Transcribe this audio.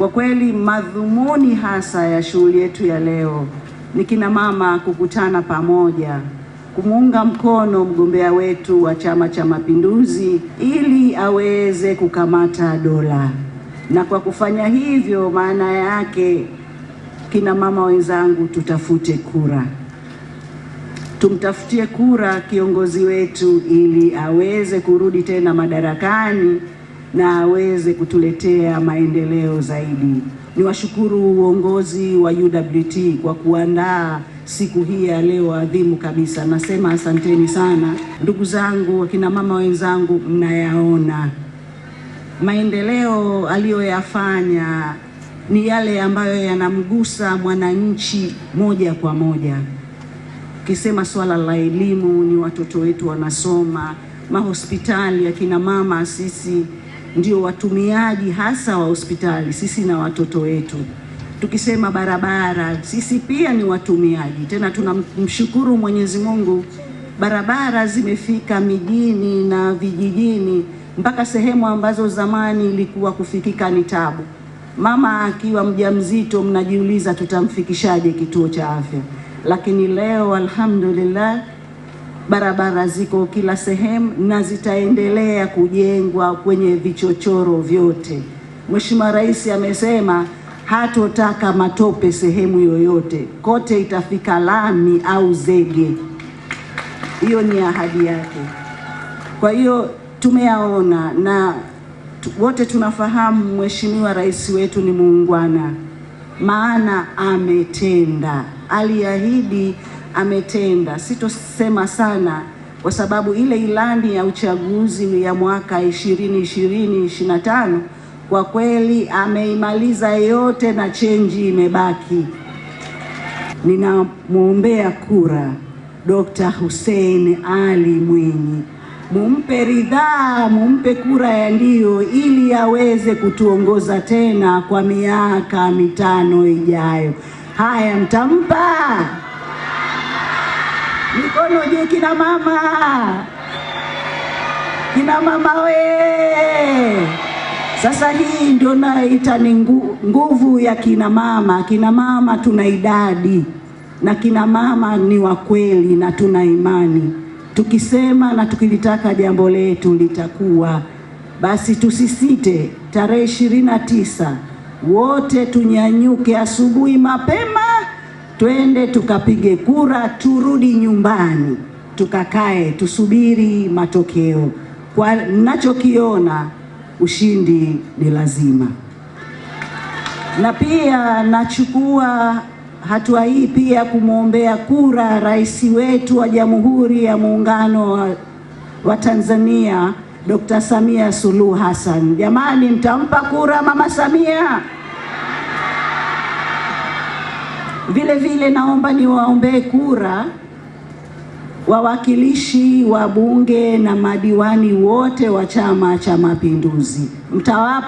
Kwa kweli madhumuni hasa ya shughuli yetu ya leo ni kina mama kukutana pamoja kumuunga mkono mgombea wetu wa Chama cha Mapinduzi ili aweze kukamata dola, na kwa kufanya hivyo, maana yake kina mama wenzangu, tutafute kura, tumtafutie kura kiongozi wetu ili aweze kurudi tena madarakani na aweze kutuletea maendeleo zaidi. Niwashukuru uongozi wa UWT kwa kuandaa siku hii ya leo adhimu kabisa. Nasema asanteni sana ndugu zangu, wakina mama wenzangu, mnayaona maendeleo aliyoyafanya ni yale ambayo yanamgusa mwananchi moja kwa moja. Ukisema swala la elimu, ni watoto wetu wanasoma, mahospitali, kina mama sisi ndio watumiaji hasa wa hospitali, sisi na watoto wetu. Tukisema barabara, sisi pia ni watumiaji. Tena tunamshukuru Mwenyezi Mungu, barabara zimefika mijini na vijijini mpaka sehemu ambazo zamani ilikuwa kufikika ni tabu. Mama akiwa mjamzito, mnajiuliza tutamfikishaje kituo cha afya? Lakini leo alhamdulillah Barabara ziko kila sehemu na zitaendelea kujengwa kwenye vichochoro vyote. Mheshimiwa Rais amesema hatotaka matope sehemu yoyote, kote itafika lami au zege. Hiyo ni ahadi yake. Kwa hiyo tumeyaona na wote tunafahamu Mheshimiwa Rais wetu ni muungwana, maana ametenda, aliahidi ametenda. Sitosema sana kwa sababu ile ilani ya uchaguzi ya mwaka 2020 25 kwa kweli ameimaliza yote na chenji imebaki. Ninamwombea kura Dr. Hussein Ali Mwinyi, mumpe ridhaa, mumpe kura ya ndio ili aweze kutuongoza tena kwa miaka mitano ijayo. Haya, mtampa? Mikono juu kina mama, kina mama we! Sasa hii ndio naita ni nguvu ya kina mama. Kina mama tuna idadi na kina mama ni wa kweli na tuna imani, tukisema na tukilitaka jambo letu litakuwa. Basi tusisite, tarehe ishirini na tisa wote tunyanyuke asubuhi mapema twende tukapige kura, turudi nyumbani, tukakae tusubiri matokeo. Kwa nachokiona ushindi ni lazima, na pia nachukua hatua hii pia kumwombea kura rais wetu wa Jamhuri ya Muungano wa, wa Tanzania Dr. Samia Suluhu Hassan. Jamani, mtampa kura Mama Samia? Vile vile naomba niwaombee kura wawakilishi wa bunge na madiwani wote wa Chama cha Mapinduzi mtawapa